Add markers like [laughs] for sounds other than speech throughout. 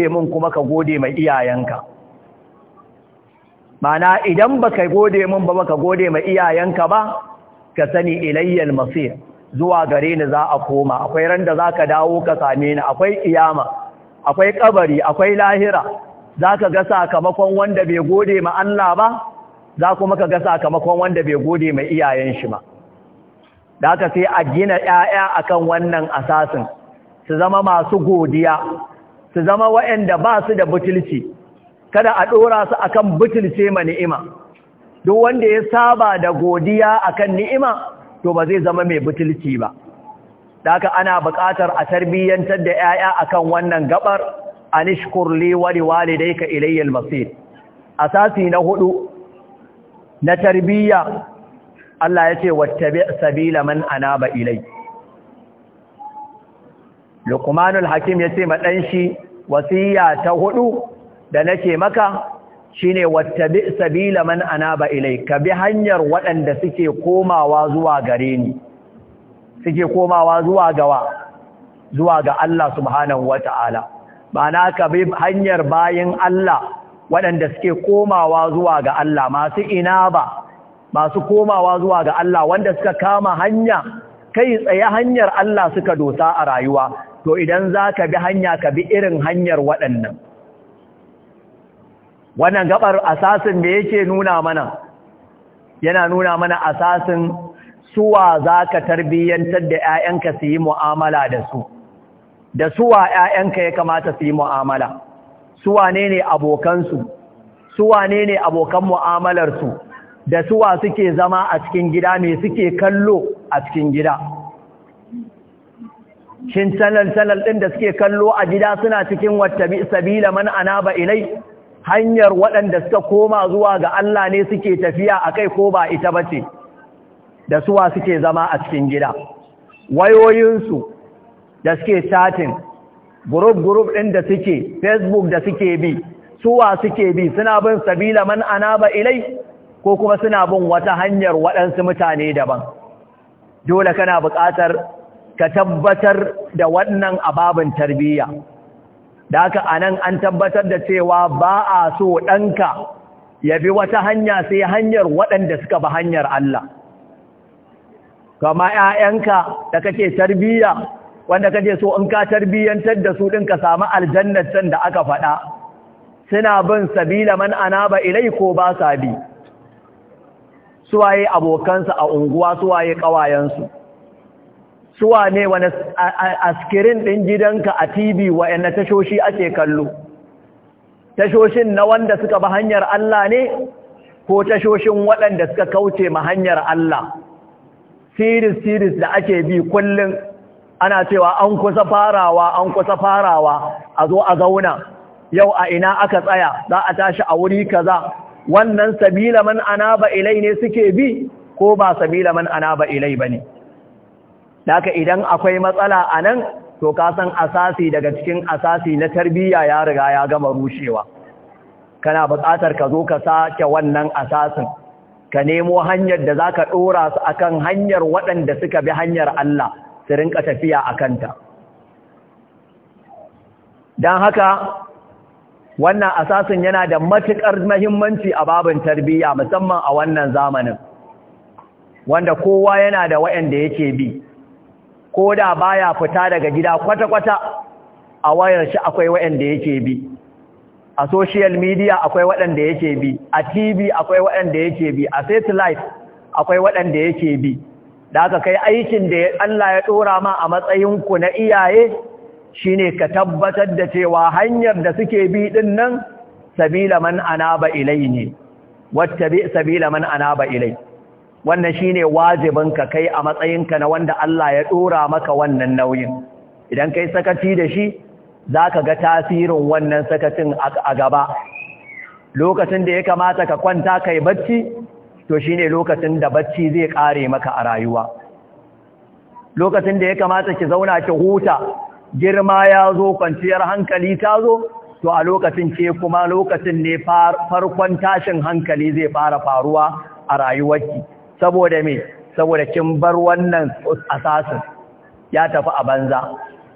ce min kuma ka gode mai iyayenka mana idan baka gode min ba baka gode mai iyayenka ba ka sani ilayyar masir zuwa gare ni za a koma akwai ran da ka dawo ka same ni akwai iyama, akwai kabari akwai lahira Za ka ga sakamakon wanda bai gode ma Allah ba za kuma ka ga sakamakon wanda bai gode mai iyayen shi ba da haka sai a gina 'ya'ya akan wannan asasin su zama masu godiya su zama waɗanda ba su da butulci kada a ɗora su a kan butulce ma ni'ima duk wanda ya saba da godiya akan ni'ima to ba zai zama mai butulci ba da haka ana buƙatar a tarbiyyantar da 'ya'ya a kan wannan gaɓar anishkur li wa liwalidayka asasi na hudu na tarbiyya Allah ya ce wattabi sabila man anaba ilai. Luqmanul Hakim ce ma dan wasiya ta hudu da nake maka shine wattabi sabila man anaba ilai ka bi hanyar waɗanda suke komawa zuwa gare ni suke komawa zuwa gawa zuwa ga Allah subhanahu wata'ala ma'ana ka bi hanyar bayin Allah waɗanda suke komawa zuwa ga Allah masu inaba masu komawa zuwa ga Allah wanda suka kama hanya kai tsaye hanyar Allah suka dosa a rayuwa to idan za ka bi hanya ka bi irin hanyar waɗannan wannan gaɓar asasin da yake nuna mana yana nuna mana asasin suwa za ka tarbiyyantar da 'ya'yanka su yi mu'amala da su da suwa 'ya'yanka ya kamata su yi mu'amala suwa ne ne abokansu suwa ne ne abokan mu'amalarsu da suwa suke zama a cikin gida ne suke kallo a cikin gida shin talal-talal ɗin da suke kallo a gida suna cikin wata sabila man anaba ilai hanyar waɗanda suka koma zuwa ga Allah ne suke tafiya a kai ko ba ita ba ce da suwa suke zama a cikin gida wayoyinsu da suke chatting group-group ɗin da suke facebook da suke bi suwa suke bi suna bin sabila man anaba ilai ko kuma suna bin wata hanyar waɗansu mutane daban dole kana buƙatar ka tabbatar da wannan ababin tarbiyya da haka anan an tabbatar da cewa ba a so ɗanka ya bi wata hanya sai hanyar waɗanda suka ba hanyar Allah kama ‘ya'yanka da kake tarbiyya wanda kake so in ka tarbiyyantar da su ɗin ka samu aljannatan da aka faɗa suna bin sabila man ba ilai ko ba sa bi suwaye abokansu a unguwa suwaye ƙawayensu suwa ne wani askirin ɗin gidanka a tv wa'yan tashoshi ake kallo tashoshin na wanda suka ba hanyar Allah ne ko tashoshin waɗanda suka kauce ma hanyar Allah series series da ake bi kullum ana cewa an kusa farawa an kusa farawa a zo a zauna yau a ina aka tsaya za a tashi a wuri kaza wannan sabila man anaba ilai ne suke bi ko ba sabila man ba ilai ba ne? Daka idan akwai matsala a nan, to ka san asasi daga cikin asasi na tarbiyya ya riga ya gama rushewa. Kana buƙatar ka zo ka sake wannan asasin, ka nemo hanyar da za ka ɗora su a kan hanyar waɗanda suka bi hanyar Allah, su rinka tafiya a kanta. Don haka, wannan asasin yana da matuƙar mahimmanci a babin tarbiyya musamman a wannan zamanin, wanda kowa yana da waɗanda yake bi. ko da baya fita daga gida kwata-kwata a wayar shi akwai waɗanda yake bi a social media akwai waɗanda yake bi a tv akwai waɗanda yake bi a satellite akwai waɗanda yake bi da aka kai aikin da Allah ya ɗora ma a matsayinku na iyaye shine ka tabbatar da cewa hanyar da suke bi ɗin nan sabila man anaba ilai ne sabila man anaba ilai wannan shine wajibin ka kai a matsayinka na wanda Allah ya ɗora maka wannan nauyin idan kai sakaci da shi za ka ga tasirin wannan sakacin a gaba lokacin da ya kamata ka kwanta kai bacci to shi ne lokacin da bacci zai ƙare maka a rayuwa lokacin da ya kamata ki zauna ki huta girma ya zo kwanciyar hankali ta zo to a lokacin ce kuma lokacin ne farkon tashin hankali zai fara faruwa a rayuwarki saboda me saboda kin bar wannan asasin ya tafi a banza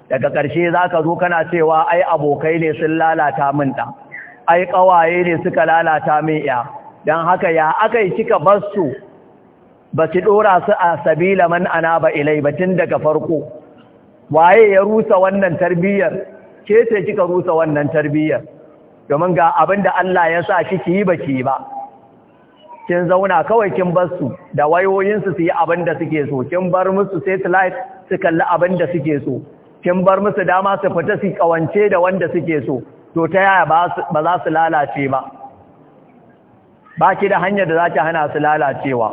daga ƙarshe zaka zo kana cewa ai abokai ne sun lalata min da ai ƙawaye ne suka lalata min ya dan haka ya akai kika bar su ba dora su a sabila man anaba ilai ba tun daga farko waye ya rusa wannan tarbiyyar ke sai kika rusa wannan tarbiyyar domin ga abinda Allah ya sa kiki ba ki ba kin zauna kawai kin bar su da wayoyinsu su yi abin da suke so kin bar musu satellite su kalli abin da suke so kin bar musu dama su fita su kawance da wanda suke so to ta yaya ba za su lalace ba ba ki da hanyar da za ki hana su lalacewa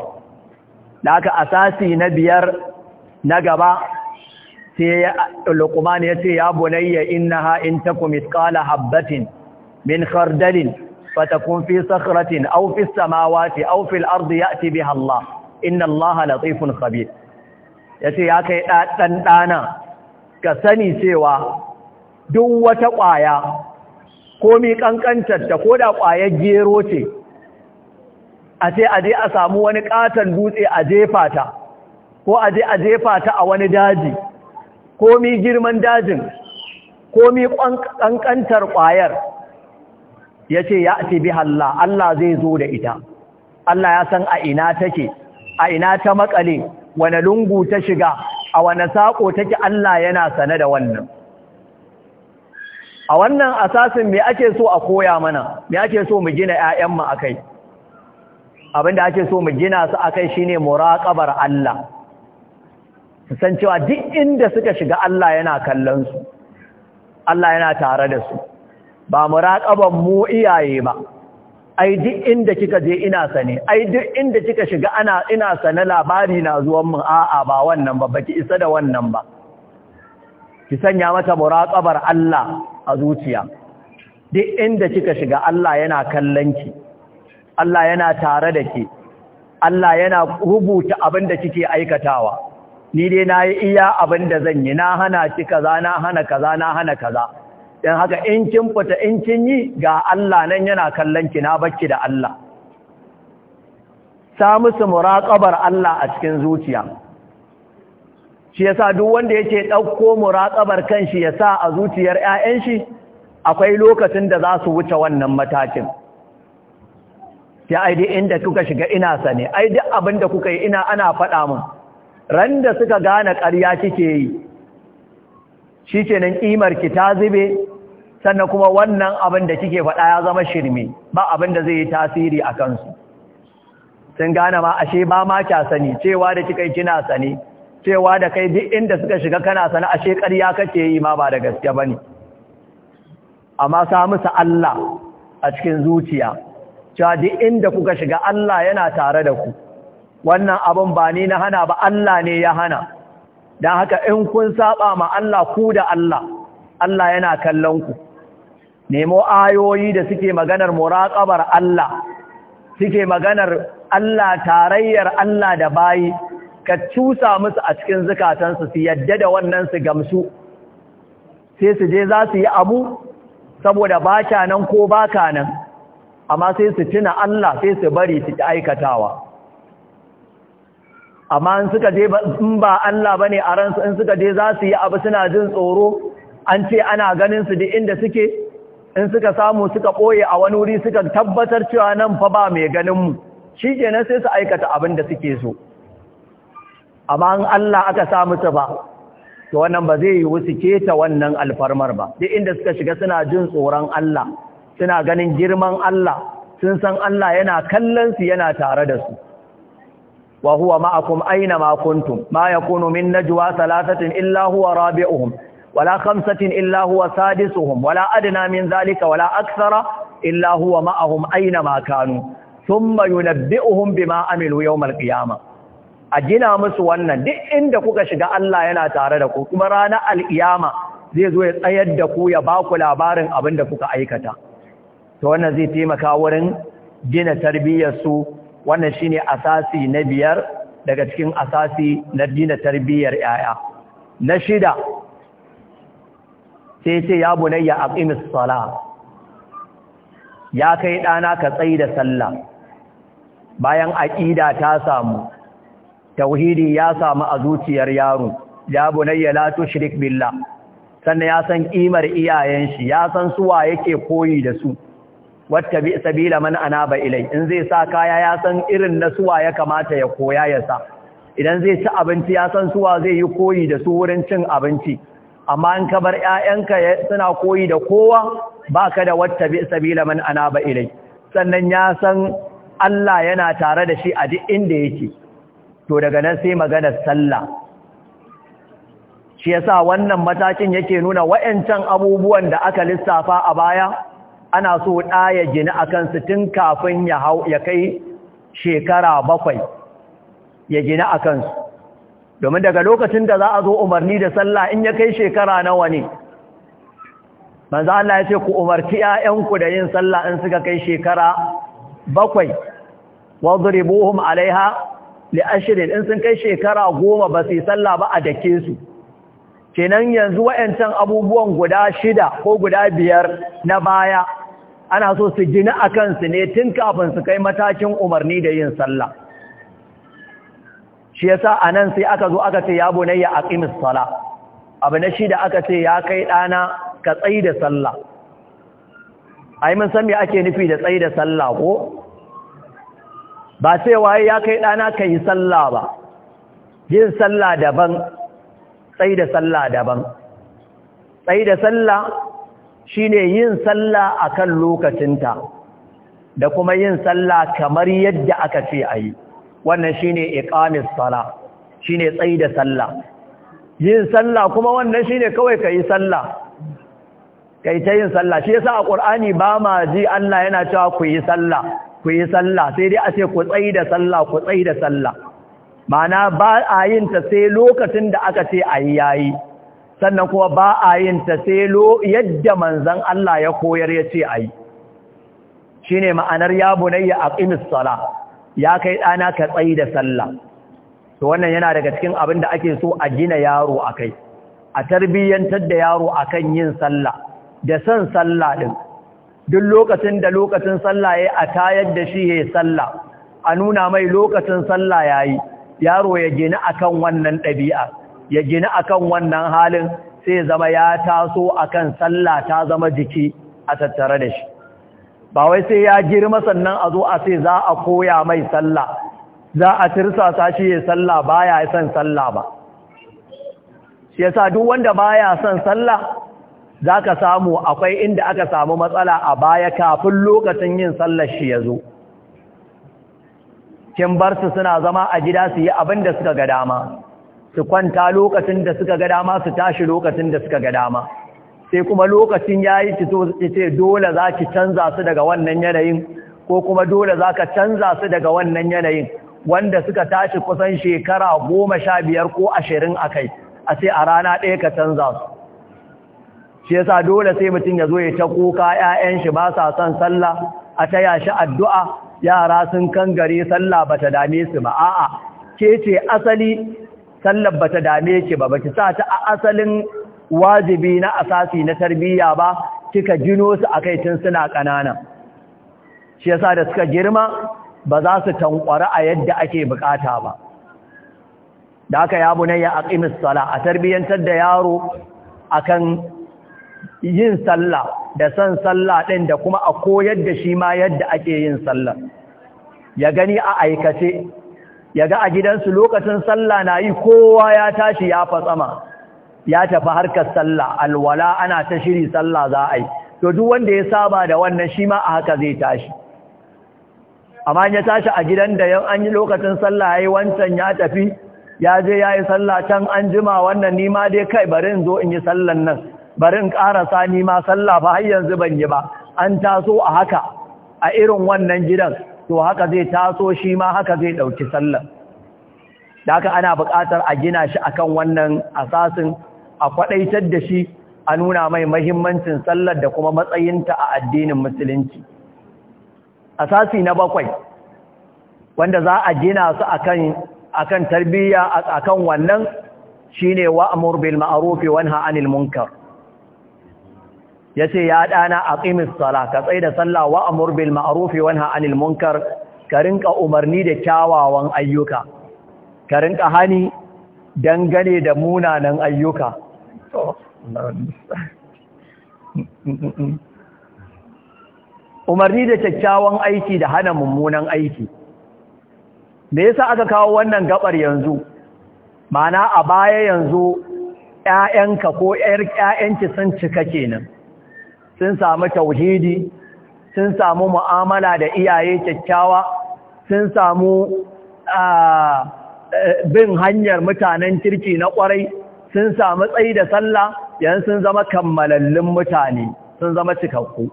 da aka asasi na biyar na gaba sai luqman ya ce ya bunayya innaha in takum mithqala habatin min khardalin fatakun fi sakhratin aw fi samawati aw fil ardi ya'ti biha Allah inna Allah latifun khabir yace ya kai dan ka sani cewa duk wata kwaya komi kankantar ta koda kwayar gero ce a ce a je a samu wani ƙaton butse a jefa ta ko a je a jefa ta a wani daji komi girman dajin komi ƙanƙantar ƙwayar. ya ce ya ce bi Allah Allah zai zo da ita Allah ya san a ina take a ina ta makale wane lungu ta shiga a wane saƙo take Allah yana sane da wannan a wannan asasin me ake so a koya mana me ake so mu gina ƴaƴanmu akai abinda ake so mu gina su akai shine muraqabar Allah san cewa duk inda suka shiga Allah yana kallon su Allah yana tare da su ba raƙaban mu iyaye ba ai duk inda kika je ina sane ai duk inda kika shiga ana ina sane labari na zuwan mu. a'a ba wannan ba baki isa da wannan ba ki sanya mata muraqabar Allah a zuciya duk inda kika shiga Allah yana kallon ki Allah yana tare da ki Allah yana rubuta abin da kike aikatawa ni dai nayi iya abin da zan yi na hana ki kaza na hana kaza na hana kaza don haka in kin fita in kin yi ga Allah nan yana kallon ki na bakki da Allah sa musu muraqabar Allah a cikin zuciya shi yasa duk wanda yake dauko muraqabar kanshi yasa a zuciyar ƴaƴan shi akwai lokacin da za su wuce wannan matakin sai ai dai inda kuka shiga ina sane ai duk abin da kuka yi ina ana faɗa min Randa suka gane ƙarya kike yi Shi shikenan kimar ki ta zube sannan kuma wannan abin da kike faɗa ya zama shirme ba abin da zai yi tasiri a kansu sun gane ma ashe ba ma kya sani cewa da kika kina sani cewa da kai duk inda suka shiga kana sani ashe ƙarya kake yi ma ba da gaske bane amma sa musu Allah a cikin zuciya cewa duk inda kuka shiga Allah yana tare da ku wannan abin ba ni na hana ba Allah ne ya hana don haka in kun saba ma Allah ku da Allah Allah yana kallon ku nemo ayoyi da suke maganar muraƙabar Allah suke maganar Allah tarayyar Allah da bayi ka cusa musu a cikin zukatansu su yadda da wannan su gamsu sai su je za su yi abu saboda ba ka nan ko ba ka nan amma sai su tuna Allah sai su bari su ta aikatawa amma in suka je ba Allah bane a ransu in suka je za su yi abu suna jin tsoro an ce ana ganin su duk inda suke in suka samu suka ɓoye a wani wuri suka tabbatar cewa nan fa ba mai ganinmu shi kenan sai su aikata abin da suke so amma in Allah aka sa musu ba to wannan ba zai yiwu su keta wannan alfarmar ba duk inda suka shiga suna jin tsoron Allah suna ganin girman Allah sun san Allah yana kallon su yana tare da su wa huwa ma'akum aina ma kuntum ma yakunu min najwa thalathatin illa huwa rabi'uhum ولا خمسة إلا هو سادسهم ولا أدنى من ذلك ولا أكثر إلا هو معهم أينما كانوا ثم ينبئهم بما عملوا يوم القيامة أجنا مسوانا دي عندك شجاء الله ينا تاردك كما رانا القيامة zai zo ya tsayar da ku ya ba ku labarin abin da kuka aikata to wannan zai taimaka wurin gina tarbiyyarsu wannan shine asasi na biyar daga cikin asasi na gina tarbiyyar yaya na shida sai ce ya bunayya aqimis sala ya kai ɗana ka tsayi da sallah bayan aqida ta samu tauhidi ya samu a zuciyar yaro ya bunayya la tushrik billah sannan ya san kimar iyayen shi ya san suwa yake koyi da su wata bi sabila man anaba ilai in zai sa kaya ya san irin na suwa ya kamata ya koya ya sa idan zai ci abinci ya san suwa zai yi koyi da su wurin cin abinci amma in ka bar ƴaƴanka suna koyi da kowa baka da wata sabila man ba ilai sannan ya san Allah yana tare da shi a duk inda yake to daga nan sai maganar sallah shi yasa wannan matakin yake nuna wayancan abubuwan da aka lissafa a baya ana so ɗaya ya gini akan su tun kafin ya hau ya kai shekara bakwai ya gini akan su domin daga lokacin da za a zo umarni da sallah in ya kai shekara nawa ne manzo Allah ya ce ku umarci 'ya'yanku da yin sallah in suka kai shekara bakwai wadribuhum alaiha li ashrin in sun kai shekara goma ba su yi sallah ba a dake su kenan yanzu wayancan abubuwan guda shida ko guda biyar na baya ana so su gina a kansu ne tun kafin su kai matakin umarni da yin sallah shi yasa anan sai aka zo aka ce ya bunayya aqimis sala abu na shi da aka ce ya kai dana ka tsayi da sallah ai mun san me ake nufi da tsayi da sallah ko ba sai waye ya kai dana ka yi sallah ba yin sallah daban tsayi da sallah daban tsayi da sallah shine yin sallah akan lokacinta da kuma yin sallah kamar yadda aka ce ayi wannan shine iqamis sala shine tsayi da sallah yin sallah kuma wannan shine kawai kai sallah kai ta yin sallah shi yasa a Qur'ani ba ma ji Allah yana cewa ku yi sallah ku yi sallah sai dai a ce ku tsayi da sallah ku tsayi da sallah ma'ana ba a yin ta sai lokacin da aka ce ayi yayi sannan kuma ba a yin ta sai yadda manzon Allah ya koyar ya ce ayi shine ma'anar ya bunayya aqimis salah ya kai ɗana ka tsayi da sallah to wannan yana daga cikin abin da ake so a gina yaro a kai a tarbiyyantar da yaro a kan yin sallah da son sallah ɗin duk lokacin da lokacin sallah ya a tayar da shi ya sallah a nuna mai lokacin sallah ya yi yaro ya gina a kan wannan ɗabi'a ya gina a kan wannan halin sai zama ya taso a kan sallah ta zama jiki a tattare da shi ba wai sai ya girma sannan a zo a ce za a koya mai sallah za a tirsasa shi ya sallah ba baya son sallah ba shi yasa duk wanda ba ya son sallah za ka samu akwai inda aka samu matsala a baya kafin lokacin yin sallar shi ya zo kin bar su suna zama a gida su yi abin da suka ga dama su kwanta lokacin da suka ga dama su tashi lokacin da suka ga dama sai kuma lokacin ya yi ki ce dole za ki canza su daga wannan yanayin ko kuma dole za ka canza su daga wannan yanayin wanda suka tashi kusan shekara goma sha biyar ko ashirin a kai a ce a rana ɗaya ka canza su shi yasa dole sai mutum ya zo ya ta kuka 'ya'yan shi ba sa son sallah a taya shi addu'a yara sun kan gare sallah ta dame su ba a'a ke ce asali sallar ta dame ki ba baki sa ta a asalin wajibi na asasi na tarbiyya ba kika gino su akai tun suna ƙanana shi yasa da suka girma ba za su tankwara a yadda ake bukata ba da aka ya bunayya aqimis sala a tarbiyantar da yaro akan yin sallah da san sallah ɗin da kuma a koyar da shi ma yadda ake yin sallah ya gani a aikace ya ga a gidansu lokacin sallah na yi kowa ya tashi ya fatsama ya tafi harkar sallah alwala ana ta shiri sallah za a yi to duk wanda ya saba da wannan shi ma a haka zai tashi amma ya tashi a gidan da an yi lokacin sallah yayi wancan ya tafi ya je yayi sallah can an jima wannan nima ma dai kai bari in zo in yi sallan nan barin in karasa nima ma sallah fa har yanzu ban yi ba an taso a haka a irin wannan gidan to haka zai taso shi ma haka zai dauki sallah da haka ana buƙatar a gina shi akan wannan asasin a faɗaitar da shi a nuna mai mahimmancin sallar da kuma matsayinta a addinin musulunci asasi na bakwai wanda za a gina su akan kan tarbiyya akan wannan shine amur bil ma'arufi wani ha'anil munkar. munkar yace ya a ƙimis-sala, ka tsaye da sallah amur bil ma'arufi wani ha'anil munkar ka rinka umarni da kyawawan ayyuka ka rinka hani dangane da munanan ayyuka umarni da kyakkyawan aiki da hana mummunan aiki me yasa aka kawo wannan gabar yanzu Ma'ana a baya yanzu ƴaƴanka ko ƴaƴanki sun cika kenan sun samu tauhidi sun samu mu'amala da iyaye kyakkyawa sun samu ah, eh, bin hanyar mutanen kirki na ƙwarai sun samu tsayi da sallah yanzu sun zama kammalallin mutane sun zama cikakku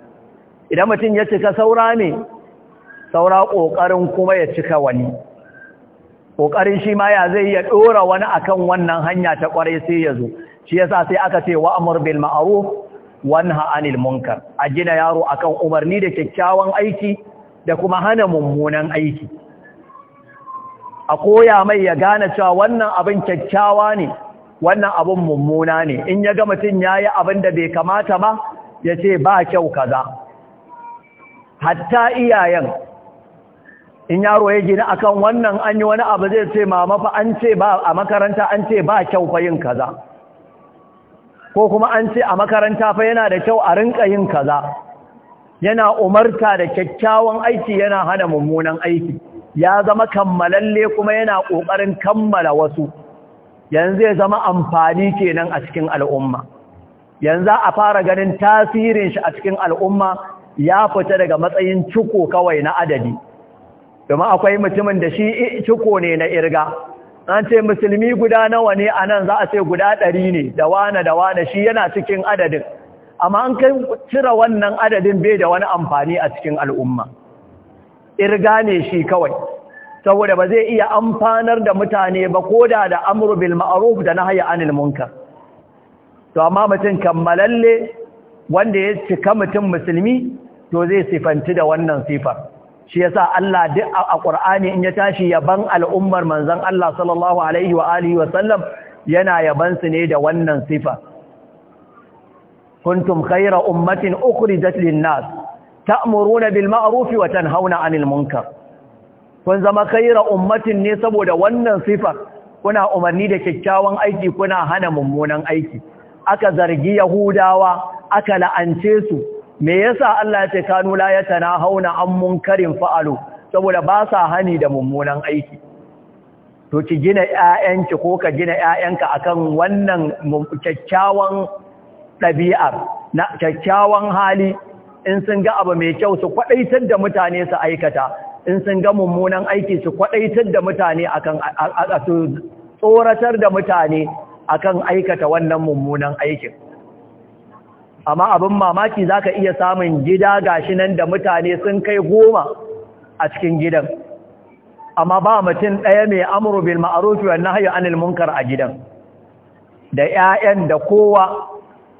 idan mutum ya cika saura ne saura ƙoƙarin kuma ya cika wani ƙoƙarin shi ma ya zai ya ɗora wani akan wannan hanya ta ƙwarai sai ya zo shi yasa sai aka ce wa amr bil ma'ruf nahy anil munkar a gina yaro akan umarni da kyakkyawan aiki da kuma hana mummunan aiki a koya mai ya gane cewa wannan abin kyakkyawa ne wannan abun mummuna ne in ya ga mutum ya yi abin da bai kamata ba ya ce ba kyau kaza hatta iyayen in yaro ya gina akan wannan an yi wani abu zai ce mama fa an ce ba a makaranta an ce ba kyau fa yin kaza ko kuma an ce a makaranta fa yana da kyau a rinka yin kaza yana umarta da kyakkyawan aiki yana hana mummunan aiki ya zama kammalalle kuma yana ƙoƙarin kammala wasu yanzu ya zama amfani kenan a cikin al'umma yanzu a fara ganin tasirin shi a cikin al'umma ya fita daga matsayin ciko kawai na adadi domin akwai mutumin da shi ciko ne na irga an ce musulmi guda nawa ne a nan za a ce guda ɗari ne da wane da wane shi yana cikin adadin amma an kai cire wannan adadin bai da wani amfani a cikin al'umma irga ne shi kawai saboda ba zai iya amfanar da mutane ba ko da da amru bil da nahyi anil munkar to amma mutum kammalalle wanda ya cika mutum musulmi to zai sifanti da wannan sifar shi yasa Allah duk a Qur'ani in ya tashi yaban al'ummar manzon Allah sallallahu alaihi wa alihi wa sallam yana yaban su ne da wannan sifa kuntum khayra ummatin ukhrijat lin-nas ta'muruna bil ma'ruf wa tanhauna 'anil munkar kun zama kaira ummatin ne saboda wannan sifar kuna umarni da kyakkyawan aiki kuna hana mummunan aiki aka zargi yahudawa aka la'ance su me yasa Allah ya ce kanu la hauna an munkarin fa'alu saboda ba sa hani da mummunan aiki to ki gina ƴaƴanki ko ka gina ƴaƴanka akan wannan kyakkyawan ɗabi'ar na kyakkyawan hali in sun ga abu mai kyau su kwadaitar da mutane su aikata in sun ga mummunan aiki su kwadaitar da mutane akan su tsoratar da mutane akan aikata wannan mummunan aikin amma abin mamaki zaka iya samun gida gashi nan da mutane sun kai goma a cikin gidan amma ba mutum ɗaya mai amuru bil ma'ruf wa nahyi anil munkar a gidan da ƴaƴan da kowa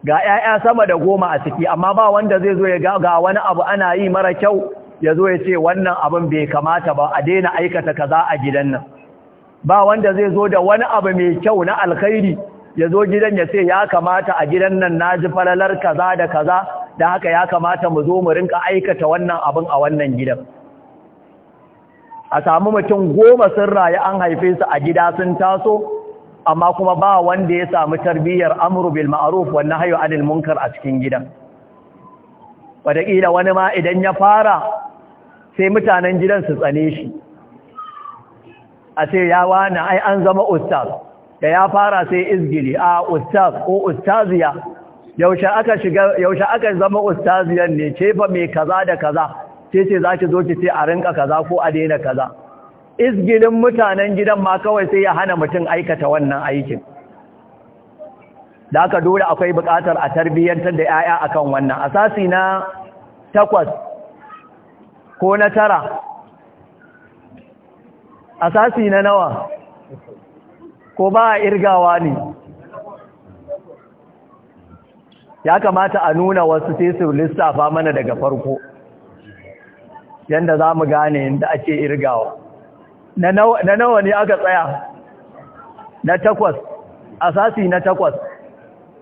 ga 'ya'ya sama da goma a ciki amma ba wanda zai zo ya ga wani abu ana yi mara kyau ya zo ya ce wannan abin bai kamata ba a daina aikata kaza a gidan nan ba wanda zai zo da wani abu mai kyau na alkhairi ya zo gidan ya ce ya kamata a gidan nan na ji falalar kaza da kaza da haka ya kamata mu zo mu rinka aikata wannan abin a wannan gidan a samu mutum goma sun rayu an haife su a gida sun taso amma kuma ba wanda ya samu tarbiyyar amru bil ma'ruf wa nahyu anil munkar a cikin gidan wataƙila wani ma idan ya fara sai mutanen gidan su tsane shi a ce ya wani ai an zama ustaz da ya fara sai izgili a ustaz ko ustaziya yaushe aka yaushe aka zama ustaziyan ne ce fa mai kaza da kaza sai ce zaki zo ki ce a rinka kaza ko a daina kaza izgilin mutanen gidan ma kawai sai ya hana mutum aikata wannan aikin da aka dole akwai buƙatar a tarbiyyantar da 'ya'ya a kan wannan asasi na takwas ko na tara asasi na nawa ko ba a irgawa ne ya kamata a nuna wasu sai su lissafa mana daga farko yadda za mu gane yadda ake irgawa na nawa ne aka tsaya na takwas asasi na takwas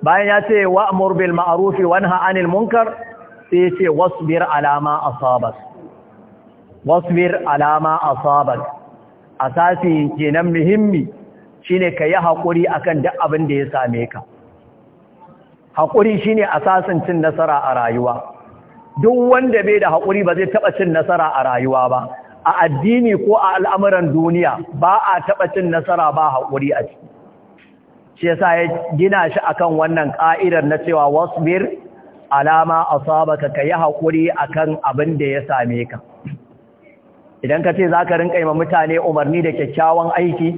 bayan ya ce wa bil ma'arufi wani nahy munkar sai ya ce wasbir ala ma asabak wasbir ala ma asabak asasi kenan muhimmi shine kayi hakuri akan duk abin da ya same ka haƙuri shi ne asasin cin nasara a rayuwa duk wanda bai da haƙuri ba zai taɓa cin nasara a rayuwa ba a addini ko a al'amuran duniya ba a taɓa cin nasara ba haƙuri a ciki shi yasa ya gina shi akan wannan ka'idar na cewa wasbir alama asabaka kai hakuri akan abin da ya same ka idan ka ce zaka rinka yi mutane umarni da kyakkyawan aiki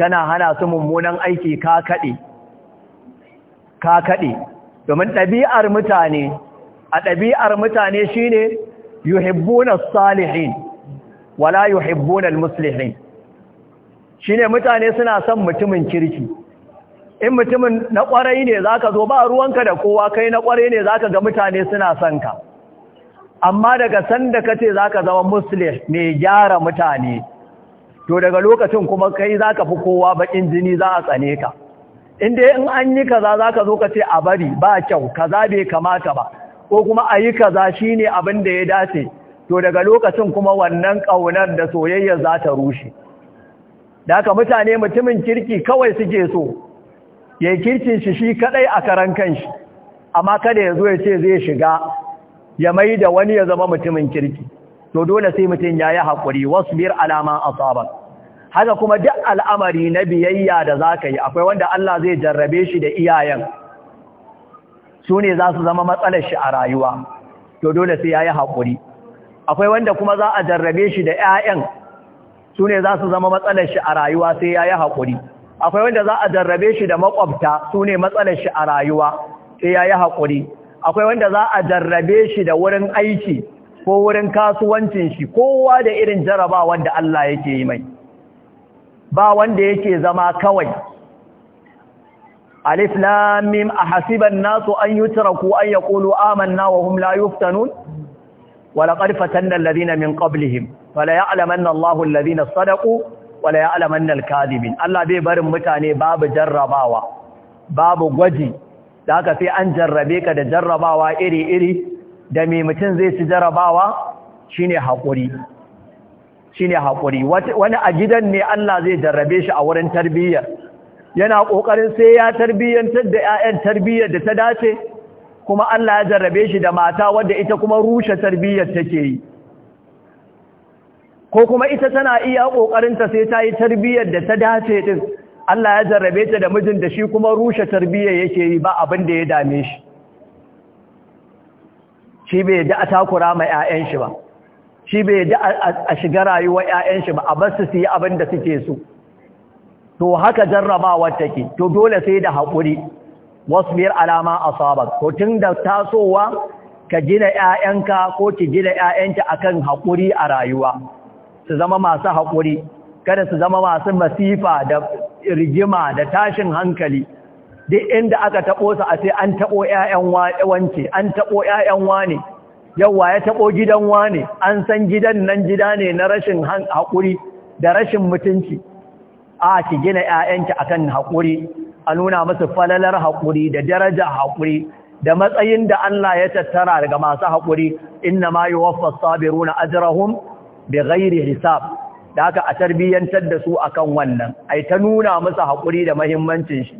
kana hana su mummunan aiki ka kade ka kade domin ɗabi'ar mutane a ɗabi'ar mutane shine yuhibbuna salihin wala yuhibbuna almuslihin shine mutane suna son mutumin kirki in mutumin na ƙwarai ne za ka zo ba ruwanka da kowa kai na ƙwarai ne zaka ga mutane suna son ka amma daga sanda za ka zama musulun mai gyara mutane to daga lokacin kuma kai za ka fi kowa bakin jini za a tsane ka inda in an yi kaza ka zo ka ce a bari ba kyau kaza bai kamata ba ko kuma a yi kaza ne abin da ya dace to daga lokacin kuma wannan ƙaunar da soyayyar za ta rushe da haka mutane mutumin kirki kawai suke so ya kirkin shi shi kadai a karan kanshi amma kada ya zo ya ce zai shiga ya mai da wani ya zama mutumin kirki to dole sai mutum ya yi haƙuri wasbir alama asaba haka kuma duk al'amari na biyayya da za ka yi akwai wanda Allah zai jarrabe shi da iyayen su ne za su zama matsalar shi a rayuwa to dole sai ya yi haƙuri akwai wanda kuma za a jarrabe shi da ‘ya'yan su ne za su zama matsalar shi a rayuwa sai ya yi haƙuri akwai wanda za a jarrabe shi da makwabta su ne matsalar shi a rayuwa sai ya yi haƙuri akwai wanda za a jarrabe shi da wurin aiki ko wurin kasuwancin shi kowa da irin jaraba wanda Allah yake yi mai ba wanda yake zama kawai alif lam mim ahasiban nasu an yutraku an yaqulu amanna wa hum la yuftanun wa laqad fatanna alladhina min qablihim fala ya'lamanna Allahu alladhina sadaqu wala ya alaman kadibin Allah bai barin mutane babu jarrabawa babu gwaji da aka sai an jarrabe ka da jarrabawa iri-iri da mai mutum zai ci jarrabawa shine haƙuri shine haƙuri wani a gidan ne Allah zai jarrabe shi a wurin tarbiyyar yana ƙoƙarin sai ya tarbiyyantar da 'ya'yan tarbiyyar da ta dace kuma Allah ya jarrabe shi da mata wadda ita kuma rushe tarbiyyar take yi ko kuma ita tana iya ƙoƙarinta sai ta yi tarbiyyar da ta dace din Allah ya jarrabe ta da mijin da shi kuma rushe tarbiyyar yake yi ba abin da ya dame shi shi bai da a takura ma 'ya'yan shi ba shi bai da a shiga rayuwar 'ya'yan shi ba a basu su su yi abin da suke su, to haka jarrabawar take to dole sai da haƙuri biyar alama asabak to tun da tasowa ka gina 'ya'yanka ko ki gina 'ya'yanki akan haƙuri a rayuwa su zama masu haƙuri kada su zama masu masifa da rigima da tashin hankali duk inda aka taɓo su a sai an taɓo ‘ya'yan wance an taɓo ‘ya'yan wane wa ya taɓo gidan wane an san gidan nan gida ne na rashin haƙuri da rashin mutunci a ki gina ‘ya'yanki a kan haƙuri a nuna masu falalar haƙuri da daraja haƙuri da matsayin da Allah ya tattara daga masu haƙuri inna ma yi sabiru sabiruna ajrahum bi ghairi hisab da aka a tarbiyyantar da su akan wannan ai ta nuna masa haƙuri da muhimmancin shi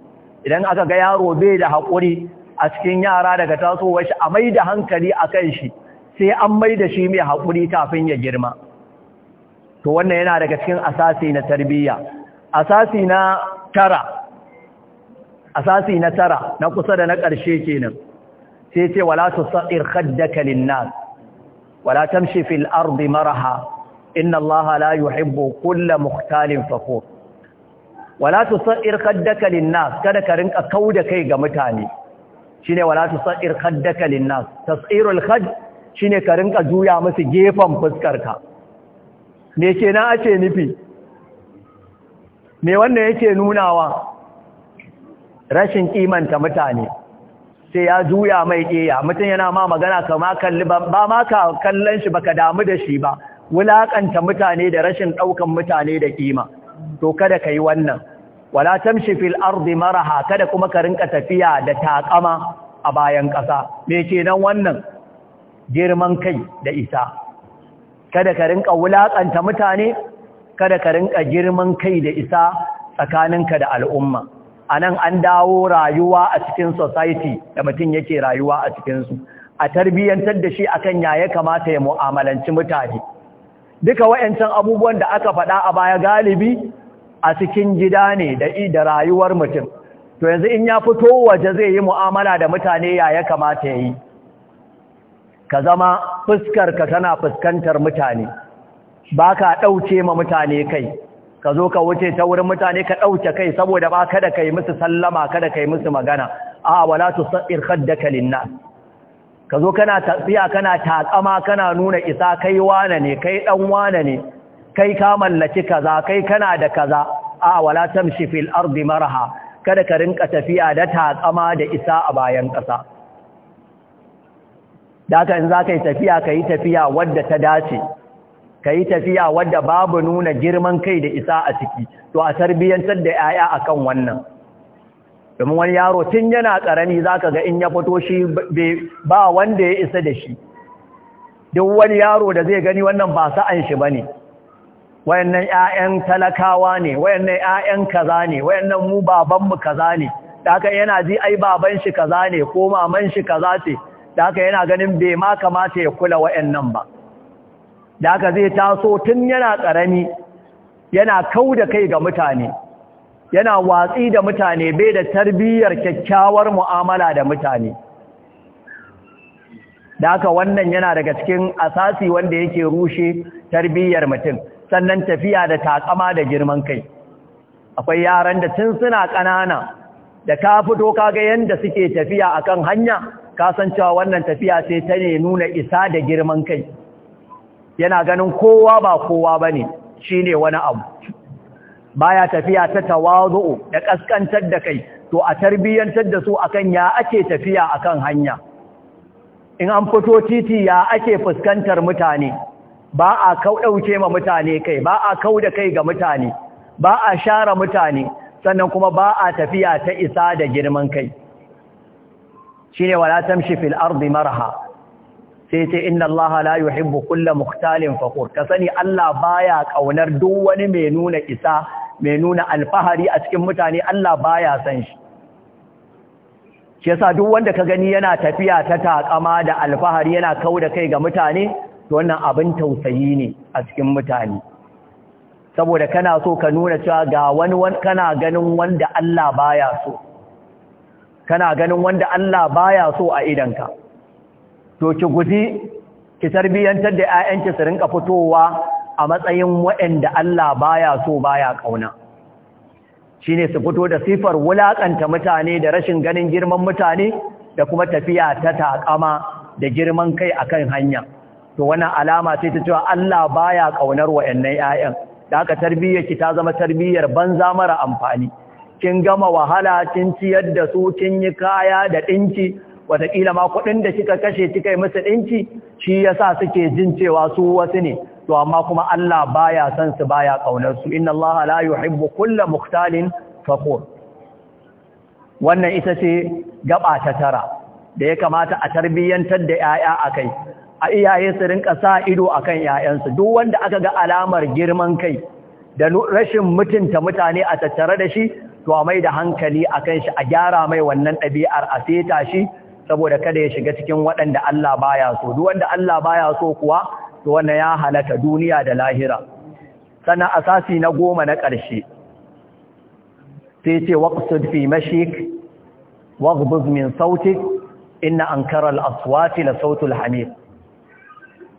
idan aka ga yaro bai da haƙuri a cikin yara daga tasowar shi a da hankali akan shi sai an mai da shi mai haƙuri kafin ya girma to wannan yana daga cikin asasi na tarbiyya asasi na tara asasi na tara na kusa da na ƙarshe kenan sai ce wala tusair khaddaka linnas wala tamshi fil ardi maraha inna allaha la yuhibbu kulla mukhtalin fakhur wala tusair kaddaka linnas kada ka rinka kauda kai ga mutane shine wala tusair kaddaka linnas tasirul khad shine ka rinka juya musu gefen fuskarka me na ake nufi me wannan yake nunawa rashin kimanta mutane sai ya juya mai ƙeya mutum yana ma magana kama kalli ba ma ka kallon shi baka damu da shi ba wulaƙanta mutane da rashin ɗaukan mutane da ƙima to kada ka yi wannan wala tamshi fil ardi maraha kada kuma ka rinka tafiya da taƙama a bayan ƙasa me kenan wannan girman kai da isa kada ka rinka wulaƙanta mutane kada ka rinka girman kai da isa tsakaninka da al'umma Anan an dawo rayuwa a cikin society da mutum yake rayuwa a cikinsu a tarbiyyantar da shi akan ya kamata ya mu'amalanci mutane duka wayancan abubuwan da aka faɗa a baya galibi a cikin gida ne da rayuwar mutum to yanzu in ya fito waje zai yi mu'amala da mutane ya ya kamata yi ka zama fuskar ka tana fuskantar mutane ba ka ɗauce ma mutane kai ka zo ka wuce ta wurin mutane ka ɗauce kai saboda ba kada ka yi musu sallama kada ka yi musu magana a wala tusair khaddaka linnas ka zo kana tafiya kana taƙama kana nuna isa kai wane ne kai dan wane ne kai ka mallaki kaza kai kana da kaza a wala tamshi fil ardi marha kada ka rinka tafiya da taƙama da isa a bayan kasa ka in za ka yi tafiya ka yi tafiya wadda ta dace ka yi tafiya wadda babu nuna girman kai da isa a ciki to a tarbiyyantar da 'ya'ya akan wannan domin wani yaro tun yana ƙarami za ka ga in ya fito shi ba wanda ya isa da shi duk wani yaro da zai gani wannan ba sa'an shi ba ne wayannan 'ya'yan talakawa ne wayannan 'ya'yan kaza ne wayannan mu babanmu kaza ne da haka yana ji ai baban shi kaza ne ko maman shi kaza ce da haka yana ganin bai ma kamata ya kula wayannan ba da haka zai taso tun yana ƙarami yana kau da kai ga mutane yana watsi da mutane bai da tarbiyyar kyakkyawar mu'amala da mutane da haka wannan yana daga cikin asasi wanda yake rushe tarbiyyar mutum sannan tafiya da takama da girman kai akwai yaran da tun suna ƙanana da ka fito kaga yanda suke tafiya akan hanya cewa wannan tafiya sai ta ne nuna isa da girman kai yana ganin kowa ba kowa bane shine wani abu baya tafiya ta tawazu da kaskantar da kai to a tarbiyantar da su akan ya ake tafiya akan hanya in an fito titi ya ake fuskantar mutane ba a kau dauke ma mutane kai ba a kau da kai ga mutane ba a share mutane sannan kuma ba a tafiya ta isa da girman kai shine wala tamshi fil ardi marha sai ce inna Allah la yuhibbu kulla muktalin fakhur ka sani Allah baya kaunar duk wani mai nuna isa mai nuna alfahari a cikin mutane Allah baya san shi shi yasa duk wanda ka gani yana tafiya ta takama da alfahari yana kauda kai ga mutane to wannan abin tausayi ne a cikin mutane saboda kana so ka nuna cewa ga wani kana ganin wanda Allah baya so kana ganin wanda Allah baya so a idanka to ki guji ki tarbiyantar da 'ya'yanki su rinka fitowa a matsayin waɗanda Allah baya so baya ƙauna shine su fito da sifar wulaƙanta mutane da rashin ganin girman mutane da kuma tafiya ta takama da girman kai akan hanya to wannan alama sai ta cewa Allah baya ƙaunar waɗannan 'ya'yan da aka tarbiyyar ki ta zama tarbiyyar banza mara amfani kin gama wahala kin ciyar da su kin yi kaya da ɗinci. wataƙila ma kuɗin da kika kashe kika yi musu ɗinci, shi ya sa suke jin cewa su wasu ne to amma kuma Allah baya san su baya ƙaunar su inna Allah la yuhibbu kulla muktalin fakur wannan ita ce gaba ta tara da ya kamata a tarbiyyantar da yaya a kai, a iyaye su rinka sa ido akan yayansu duk wanda aka ga alamar girman kai da rashin mutunta mutane a tattare da shi to a mai da hankali a kan shi a gyara mai wannan ɗabi'ar a seta shi saboda kada ya shiga cikin waɗanda Allah baya so duk wanda Allah baya so kuwa to wannan ya halata duniya da lahira sana asasi na goma na ƙarshe sai ce waqsid fi mashik waghdud min sautik inna ankara al-aswati la sautul hamir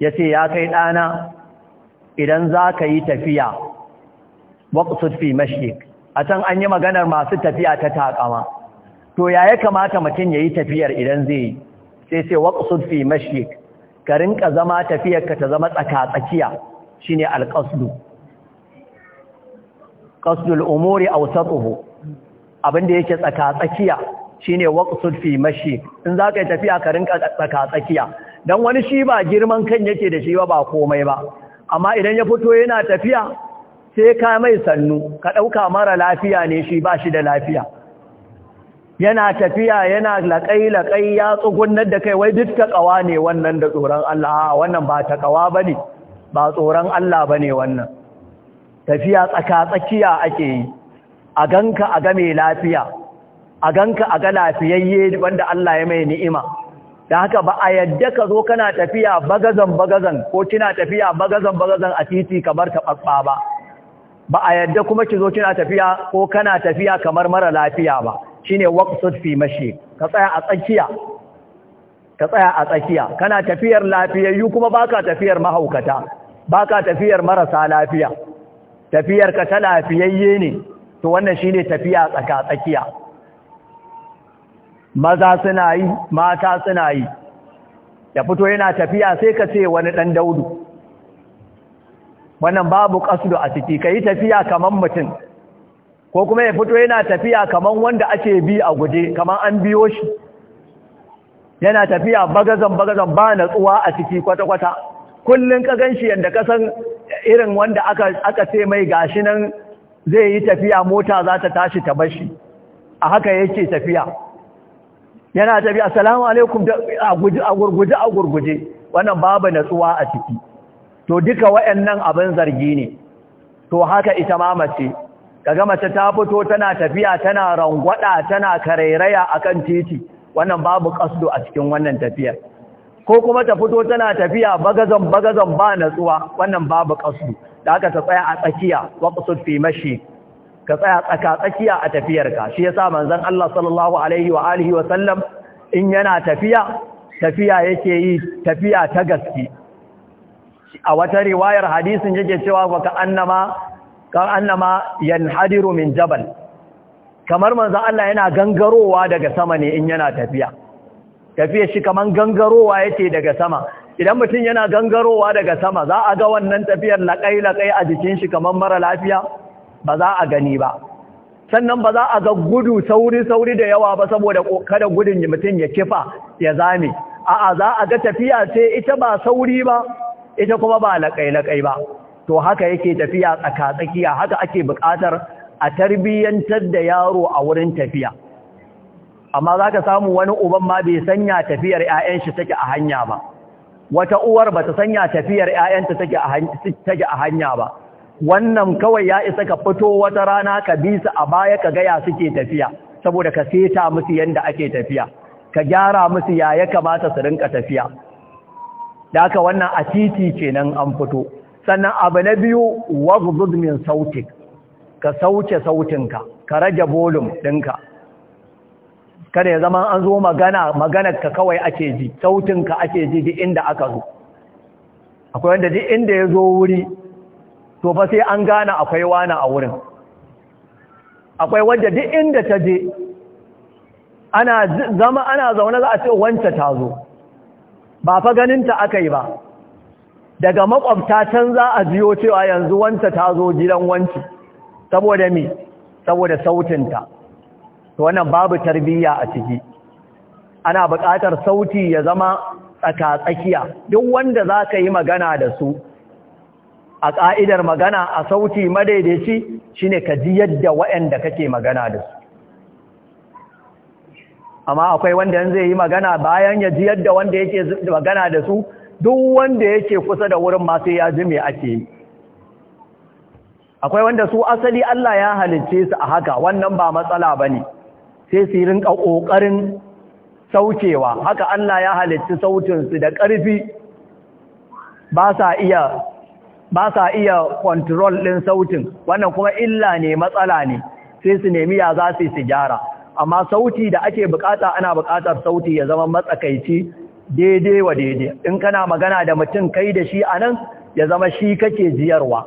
yace ya kai dana idan zaka yi tafiya waqsid fi mashik a can an yi maganar masu tafiya ta takama to ya ya kamata mutum ya yi tafiyar idan zai yi sai sai waqsud fi mashik ka rinka zama tafiyar ka ta zama tsaka tsakiya shine alqasdu qasdul umuri awsatuhu tsoho abinda yake tsaka tsakiya ne waqsud fi mashik in zaka yi tafiya ka rinka tsaka tsakiya dan wani shi ba girman kan yake da shi ba ba komai ba amma idan ya fito yana tafiya sai ka mai sannu ka ɗauka mara lafiya ne shi ba shi da lafiya yana tafiya yana laƙai laƙai ya tsugunar da kai wai duk ƙawa ne wannan da tsoron Allah wannan ba ƙawa ne ba tsoron Allah bane wannan tafiya tsaka tsakiya ake yi a ganka a ga mai lafiya a ganka a ga lafiyayye wanda Allah ya mai ni'ima da haka ba a yadda ka zo kana tafiya bagazan bagazan ko kina tafiya bagazan bagazan a titi kamar taɓaɓɓa ba ba a yadda kuma ki zo kina tafiya ko kana tafiya kamar mara lafiya ba shine waqsud fi mashi ka tsaya a tsakiya ka tsaya a tsakiya kana tafiyar lafiyayyu kuma baka tafiyar mahaukata baka tafiyar marasa lafiya tafiyar ka ta lafiyayye ne to wannan shine tafiya tsaka tsakiya maza suna yi mata suna yi ya fito yana tafiya sai ka ce wani dan daudu wannan babu kasdu a ciki kai tafiya kamar mutum ko kuma ya fito yana tafiya kaman wanda ake bi a guje kaman an biyo shi yana tafiya bagazan bagazan ba natsuwa a ciki kwata-kwata kullum ka ganshi yadda ka san irin wanda aka aka ce mai gashi nan zai yi tafiya mota za ta tashi ta bashi a haka yake tafiya yana tafiya assalamu alaikum a gurguje a gurguje wannan babu natsuwa a ciki to duka wayannan abin zargi ne to haka ita ma mace ga mace ta fito tana tafiya tana rangwada tana karairaya akan titi wannan babu kasdo a cikin wannan tafiyar ko kuma ta fito tana tafiya bagazan bagazan ba natsuwa wannan babu kasdo da aka ta tsaya a tsakiya waqsud fi mashi ka tsaya tsaka tsakiya a tafiyarka shi yasa manzon Allah sallallahu alaihi wa alihi wa sallam in yana tafiya tafiya yake yi tafiya ta gaske a wata riwayar hadisin yake cewa wa ka annama ka annama yanhadiru min jabal kamar manzo Allah yana gangarowa daga sama ne in yana tafiya tafiya shi kaman gangarowa yake daga sama idan mutum yana gangarowa daga sama za a ga wannan tafiyar laƙai-laƙai a jikin shi kaman mara lafiya ba za a gani ba sannan ba za a ga gudu sauri-sauri da yawa ba saboda kada gudun mutum ya kifa ya zame a'a za a ga tafiya sai ita ba sauri ba ita kuma ba laƙai-laƙai ba to haka yake tafiya tsaka-tsakiya, haka ake buƙatar a tarbiyyantar da yaro a wurin tafiya amma za ka samu wani uban ma bai sanya tafiyar 'ya'yan shi take a hanya ba wata uwar ba ta sanya tafiyar 'ya'yanta take a hanya ba wannan kawai ya isa ka fito wata rana ka bi su a baya ka gaya suke tafiya saboda ka seta musu yadda ake tafiya ka gyara musu ya ya kamata su rinka tafiya da haka wannan a titi kenan an fito sannan abu na biyu wasu min sautik ka sauke sautinka ka rage bolum ɗinka kada ya zama an zo magana magana ka kawai ake ji sautinka ake ji duk inda aka zo akwai wanda duk inda ya zo wuri to fa sai an gane akwai wani a wurin akwai wanda duk inda ta je ana zama ana zaune za a ce wanta ta zo ba fa ganinta aka yi ba daga makwabta can za a jiyo cewa yanzu wanta ta zo gidan wanci saboda me saboda sautinta to wannan babu tarbiyya a ciki ana buƙatar sauti ya zama tsaka-tsakiya duk wanda za ka yi magana da su a ƙa'idar magana a sauti madaidaici shine ka ji yadda waɗanda kake magana da su amma akwai wanda zai yi magana bayan ya ji yadda wanda yake magana da su duk wanda yake kusa da wurin ma sai ya ji me ake yi akwai wanda su asali Allah ya halicce su a haka wannan ba matsala bane sai su rinka kokarin saukewa haka Allah ya halicci sautin su da ƙarfi ba sa iya ba sa iya din sautin wannan kuma illa ne matsala ne sai su nemi ya za su yi gyara amma sauti da ake bukata ana bukatar sauti ya zama matsakaici daidai wa daidai in kana magana da mutum kai da shi anan ya zama shi kake jiyarwa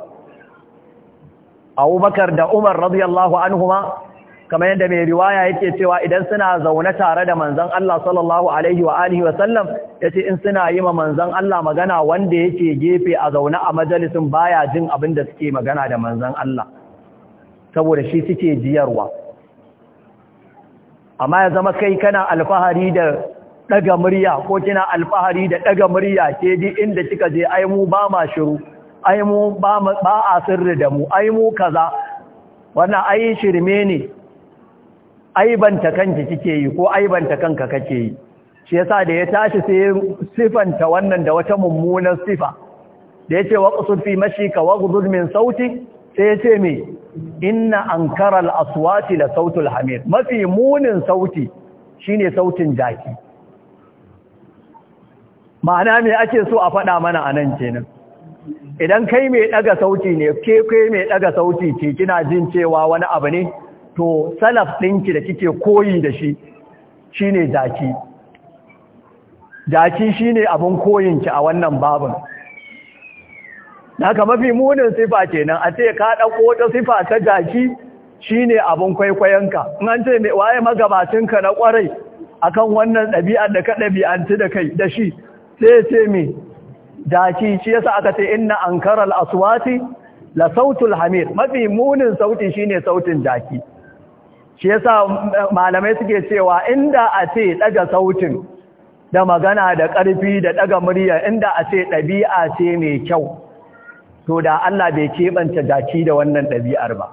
Abubakar da Umar radiyallahu anhuma kamar yadda mai riwaya yake cewa idan suna zaune tare da manzon Allah sallallahu alaihi wa alihi wa sallam yace in suna yi ma manzon Allah magana wanda yake gefe a zaune a majalisin baya jin abin da suke magana da manzon Allah saboda shi suke jiyarwa amma ya zama kai kana alfahari da ɗaga murya ko kina alfahari da ɗaga murya ke di inda kika je ai mu ba ma shiru ai mu ba a sirri da mu ai mu kaza wannan ai shirme ne ai Banta kanki kike yi ko ai Banta kanka kake yi shi yasa da ya tashi sai sifanta wannan da wata mummunar sifa da yace waqsud fi mashika ghudud min sauti sai yace me inna ankara al-aswati la sautul hamir mafi munin sauti shine sautin jaki ma'ana me ake so a faɗa mana a nan kenan idan kai mai ɗaga sauti ne ke kai mai ɗaga sauti ce kina jin cewa wani abu ne to salaf ɗinki da kike koyi da shi shine zaki. shi shine abin koyinki a wannan babin Naka mafi munin sifa kenan a ce ka ɗauko wata sifa ta jaki shine abin kwaikwayonka in an ce waye magabacinka na kwarai akan wannan ɗabi'ar da ka ɗabi'anci da kai sai ce mi da shi yasa aka ce inna ankaral aswati la sautul hamir mafi munin sauti shine sautin daki shi yasa malamai suke cewa inda a ce daga sautin da magana da ƙarfi da daga murya inda a ce ɗabi'a ce mai kyau to da Allah bai keɓanta daki da wannan ɗabi'ar ba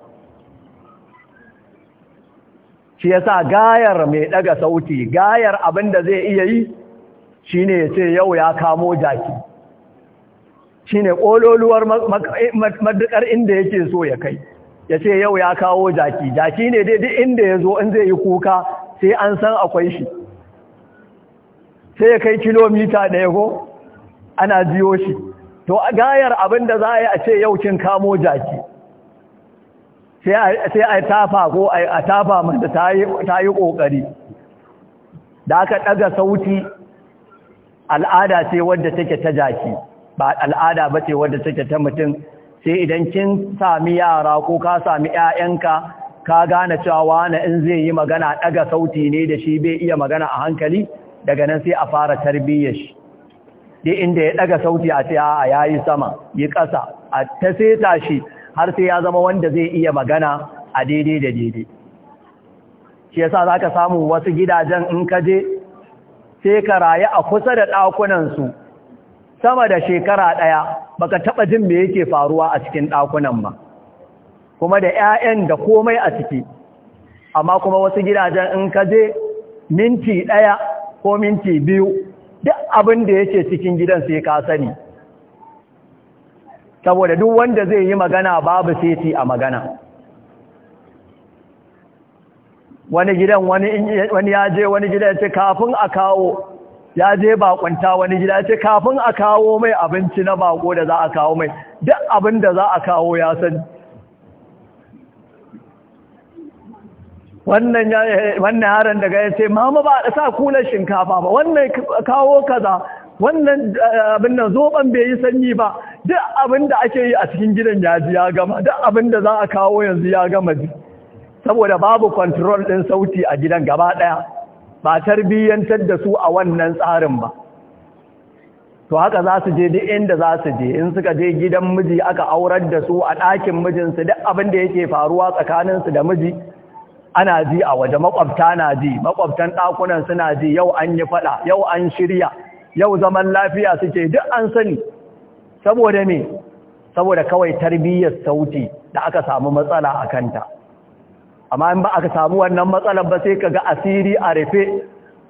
shi yasa gayar mai daga sauti gayar abin da zai iya yi shine ya ce yau ya kamo jaki shine ƙololuwar madukar inda yake so ya kai ya ce yau ya kawo jaki jaki ne daidai inda ya zo in zai yi kuka sai an san akwai shi sai ya kai kilomita ɗaya ko ana jiyo shi to a gayar abinda za a yi a ce yau kin kamo jaki sai a tafa ko a tafa mata ta yi ƙoƙari da aka ɗaga sauti al'ada ce wadda take ta jaki ba al'ada ba ce wadda take ta mutum sai idan kin sami yara ko ka sami ‘ya'yanka ka gane cewa wani in zai yi magana ɗaga sauti ne da shi bai iya magana a hankali daga nan sai a fara tarbiyyar shi dai inda ya ɗaga sauti a ce a ya sama yi ƙasa a ta seta shi har sai ya zama wanda zai iya magana a daidai da daidai shi yasa za ka samu wasu gidajen in ka je sai ka rayu a kusa da ɗakunansu sama da shekara ɗaya baka taɓa jin me yake faruwa a cikin ɗakunan ba kuma da 'ya'yan da komai a ciki amma kuma wasu gidajen in ka je minti ɗaya ko minti biyu duk abin da yake cikin gidan sai ka sani saboda duk wanda zai yi magana babu seti a magana wani gidan wani ya je wani gida ya ce kafin a kawo ya je bakunta wani gida ya ce kafin a kawo mai abinci na bako da za a kawo mai duk abin da za a kawo ya sani wannan yaron daga ya ce mama ba a sa kunar shinkafa ba wannan kawo kaza wannan eh, abin nan zoben bai yi sanyi ba duk abin da ake yi a cikin gidan ya ji ya gama duk abin da za a kawo yanzu ya gama duk saboda babu control ɗin sauti a gidan gaba ɗaya ba tarbiyyantar da su a wannan tsarin ba to haka za su je duk inda za su je in suka je gidan miji aka aurar da su a ɗakin mijinsu duk abin da yake faruwa tsakaninsu da miji ana ji a waje makwabta na ji makwabtan ɗakunan suna ji yau an yi faɗa yau an shirya yau zaman lafiya suke duk an sani saboda me saboda kawai tarbiyyar sauti da aka samu matsala a kanta amma in ba aka samu wannan matsalar ba sai kaga asiri a rufe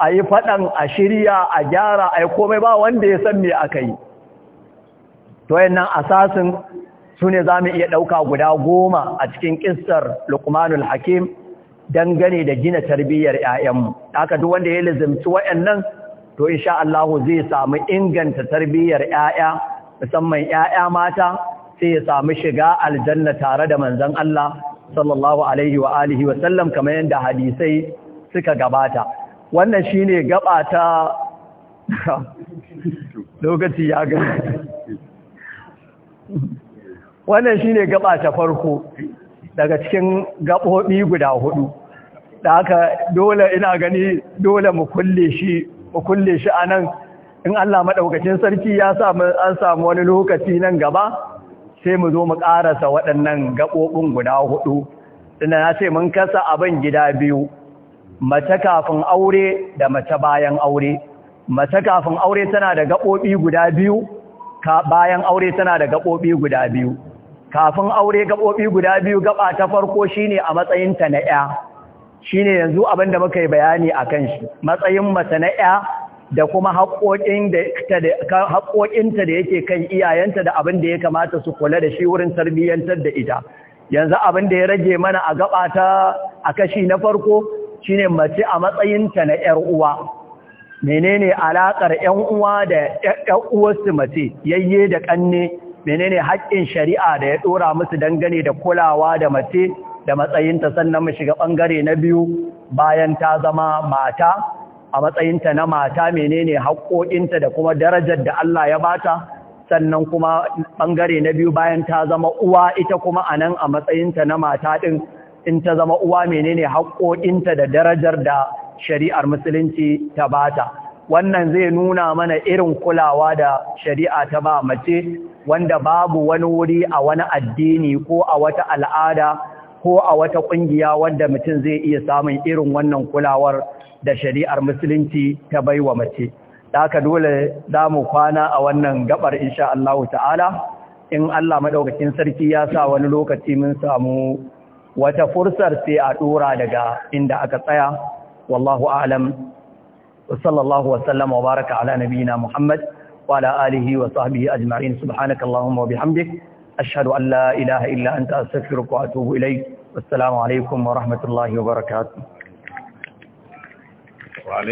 a yi faɗan a shirya a gyara a yi komai ba wanda ya san me aka yi to yannan asasin sune ne za mu iya ɗauka guda goma a cikin ƙistar lukmanul hakim dangane da gina tarbiyyar 'ya'yanmu aka duk wanda ya lizimci wayannan to insha Allah zai samu inganta tarbiyyar 'ya'ya musamman 'ya'ya mata sai ya samu shiga aljanna tare da manzon Allah sallallahu alaihi wa alihi wa sallam kamar yadda hadisai suka gabata wannan shine gaba ta [laughs] lokaci ya ga wannan shine gaba ta farko daga cikin gabobi guda hudu da haka dole ina gani dole mu kulle shi mu kulle shi anan in Allah madaukakin sarki ya samu an samu wani lokaci nan gaba sai mu zo mu ƙarasa waɗannan gaɓoɓin guda hudu tunda na ce mun kasa abin gida biyu mace kafin aure da mace bayan aure mace kafin aure tana da gaɓoɓi guda biyu bayan aure tana da gaɓoɓi guda biyu kafin aure gaɓoɓi guda biyu gaɓa ta farko shine a matsayinta na 'ya shine yanzu abin da muka yi bayani a kan shi matsayin mace na 'ya da kuma haƙoƙinta da yake kan iyayenta da abin da ya kamata su kula da shi wurin tarbiyyantar da ita yanzu abin da ya rage mana a gaba ta a kashi na farko shine mace a matsayinta na 'yar uwa menene alaƙar 'yan uwa da 'yan uwarsu mace yayye da ƙanne menene haƙƙin shari'a da ya ɗora musu dangane da kulawa da mace da matsayinta sannan mu shiga ɓangare na biyu bayan ta zama mata a matsayinta na mata menene haƙoƙinta da kuma darajar da Allah ya bata sannan kuma ɓangare na biyu bayan ta zama uwa ita kuma a nan a matsayinta na mata ɗin in ta zama uwa menene haƙoƙinta da darajar da shari'ar musulunci ta bata wannan zai nuna mana irin kulawa da shari'a ta ba mace wanda babu wani wuri a wani addini ko a wata al'ada ko a wata ƙungiya wanda mutum zai iya samun irin wannan kulawar da shari'ar musulunci ta baiwa mace da dole za mu kwana a wannan gabar insha Allah ta'ala in Allah madaukakin sarki ya sa wani lokaci mun samu wata fursar sai a dora daga inda aka tsaya wallahu a'lam sallallahu wa sallama wa baraka ala nabiyyina Muhammad wa ala alihi wa sahbihi ajma'in subhanakallahumma wa bihamdik ashhadu an la ilaha illa anta astaghfiruka wa atubu ilayk wassalamu alaikum wa rahmatullahi wa barakatuh alaikum